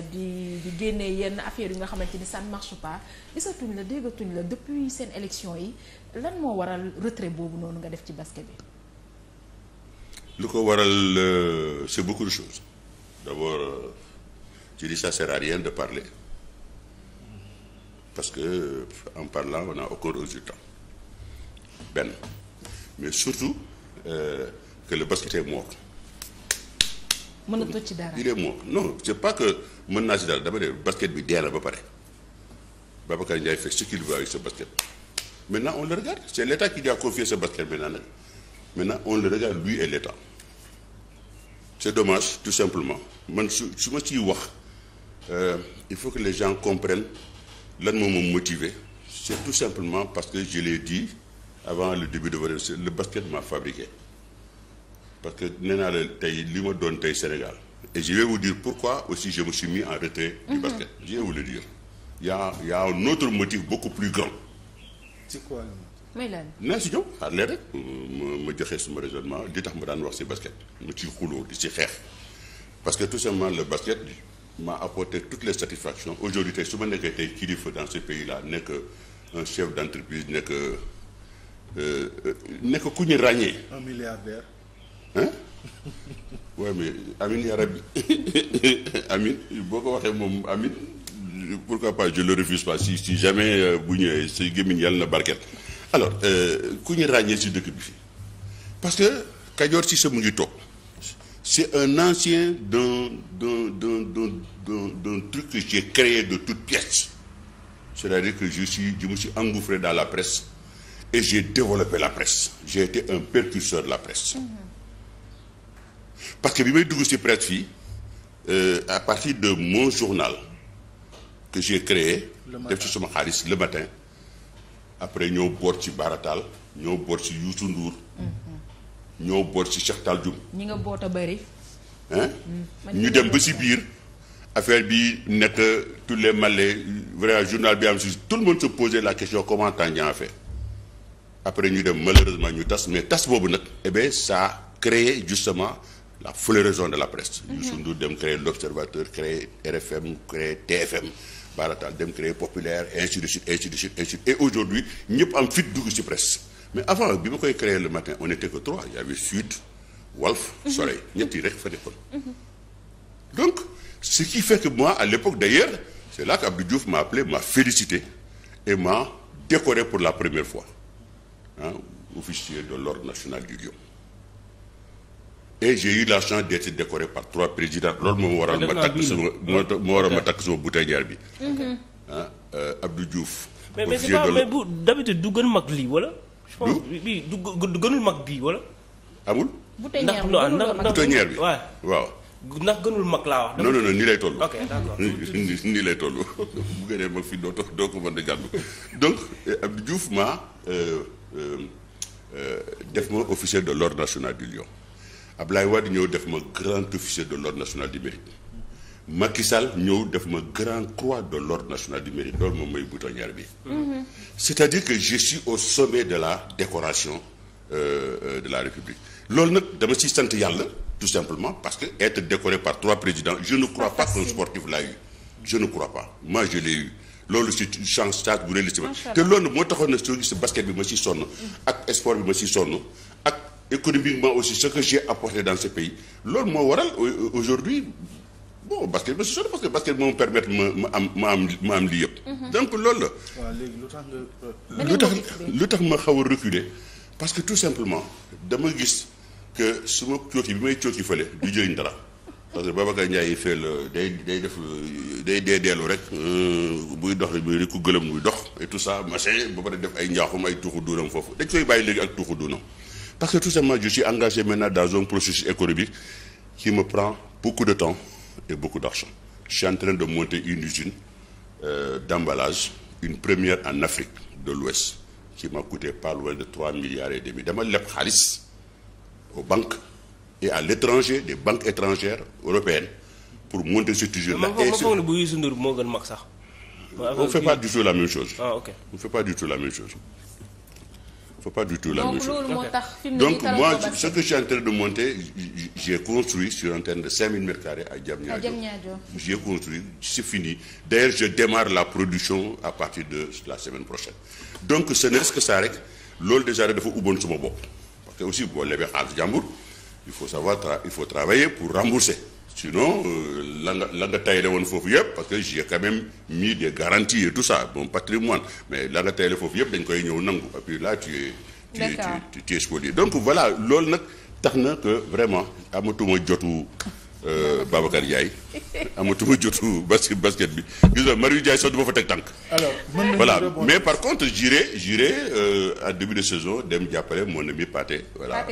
di di génne yenn affaire yi nga xamante ni ça ne marche pas gisatuñ la déggatuñ la depuis seen élection yi lan moo waral retrait boobu noonu nga def ci basket bi. lu ko waral euh, c'est beaucoup de choses d'abord je euh, dis ça de parler parce que euh, en parlant on n'a aucun résultat benn mais surtout que le basket est mënatoo ci dara il est mort non c'est pas que mën naa si dara dama ne basket bi dee na ba pare Babacar Ndiaye fait ce qu'il veut avec ce basket maintenant on le regarde c'est a confié ce basket maintenant nag maintenant on le regarde et l'État c'est dommage tout simplement man su su ma ciy wax euh, il faut que les gens comprennent lan moo ma motivé c'est tout simplement parce que je l'ai dit avant le début de votre le basket m'a fabriqué parce que nee naa la tey li ma doon tey Sénégal et je vais dire pourquoi aussi je me en retrait du mhm. basket je vais vous dire y a y a un autre motif beaucoup plus grand c'est si ñëw xaar leen rek euh, ma joxe suma raisonnement di tax ma daan wax si basket mu ci xuloo di si xeex parce que tout simplement le basket m'a apporté toutes les satisfactions aujourd'hui tey su ma nekkee tey kilifa dans ce pays là nekk un chef d'entreprise nekk euh, euh, nekk ku ñu ràññee oui mais Amin yaa rabbi Amin boo ko waxee moom Amin pourquoi pas je le refuse pas si si jamais euh, bu ñëwee si gémmiñ yàlla na barket alors euh, ku ñu ràññee si dëkk bi parce que Kajoor si sa mu ngi c'est un ancien d'un d'un d'un d'un truc j'ai créé de toutes pièces c'est-à-dire que je suis je me suis engouffré dans la presse et j'ai développé la presse j'ai été un précurseur de la presse. Mm-hmm. parce que bi may dugg ci presse fii euh, à partir de mon journal que j'ai créé def ci suma xaalis le matin après ñoo boot ci Baratal ñoo boot ci Youssou Ndour mm-hmm. ñoo boot ci Cheikh Tall Dioum ñi nga boot a bëri mm-hmm. ñu dem ba ci biir affaire bi nekk tous les malais vraiment journal bi am si tout le monde se la question commentant Tandian a après ñu dem malheureusement ñu tas mais tas boobu nag eh bien ça a créé justement la floraison de la presse. Youssou Ndour dem créer l'Observateur créer RFM créer TFM Baratal dem créer Populaire ainsi de suite ainsi et aujourd'hui ñëpp am fit dugg ci presse mais avant bi ma koy créer le matin on était que trois il y avait Sud Walf Soleil ñett yi rek fa nekkoon. donc ce qui fait que moi à l'époque d'ailleurs c'est là qu'Abdou Diouf m'a appelé m'a félicité et m'a décoré pour la première fois ah officier de l'ordre national du Lion. et j'ai eu la chance d'être décoré par trois présidents loolu moom waral ma takk sama moo waral ma takk sama boutonnière bi mhm. ah euh, Abdou Diouf gën mag wala je pense bi du gënul mag bii wala amul boutonnière boutonnière bi waaw ndax gënul mag laa wax. nii lay toll. ok d'accord nii gënee mag fii doo doo ko a gàddu donc euh, Abdou Diouf ma euh, def ma officier de l'ordre national du Lion. Ablaye Wade ñëw def ma grand officier de l'ordre national du mérite Macky Sall ñëw def ma grand croix de l'ordre national du mérite loolu moom mooy boutonnière bi. Mm-hmm. c'est-à-dire que je suis au sommet de la décoration euh, euh, de la République loolu nag dama ciy sant yàlla tout simplement parce que être décoré par trois présidents je ne crois pas qu'un sportif l'a eu je ne crois pas moi je l'ai eu loolu c'est une chance bu réalisé te loolu moo taxoon na soo gis basket bi ma ciy sonn ak sport bi ma ciy économiquement aussi ce que j'ai apporté dans ce pays loolu moo waral aujourd'hui bon basket ba si sori parce que basket moom permetre ma ma am ma am ma lii yëpp. Mhm. donc loolu la. waaw léegi lu tax nga. Euh, lu tax ma xaw a reculer parce que tout simplement dama gis que su ma cooki bi may cooki fële du jëriñ dara. parce que Babacar Ndiaye fël day day def day dee deelu rek euh, buy dox buy di ku gëlëm muy dox et tout ça machin ba pare def ay njaaxum ay tuuxu duunam foofu dañ koy bàyyi léegi ak tuuxu duunam. Parce que tout simplement, je suis engagé maintenant dans un processus économique qui me prend beaucoup de temps et beaucoup d'argent. Je suis de monter une usine euh, d'emballage, une première en Afrique de l'Ouest, qui m'a coûté pas loin de 3 milliards et demi. Dama leb xaalis aux banques et à l'étranger, des banques étrangères européennes, pour monter cette usine-là. On ne fait pas du tout la même chose. Ah, ok. On fait pas du tout la même chose. faut pas du tout la même chose donc moi ce que je suis de monter j'ai construit sur un terrain de 5000 mètres carrés à Diamniadio j'ai construit c'est fini d'ailleurs je démarre la production à partir de la semaine prochaine donc ce n'est que ça rek loolu déjà dafa ubboon sama bopp parce que aussi boo lebee xaalis jàmbur il faut savoir il faut travailler pour rembourser sinon euh, la nga la nga tayle woon foofu yëpp parce que j'ai quand même mis des garanties et tout ça bon patrimoine mais la nga tayle foofu yëpp dañ koy ñëw nangu et puis là tu es tu es tu, donc voilà loolu nag tax na que vraiment amatuma jotu Euh, Babacar Ndiaye amatuma jotu basket basket bi gis nga Marie Ndiaye sax du ma fa teg tànk. alors voilà mais par contre jure j'irai euh, à début de saison dem jàppale mon ami Pathé voilà.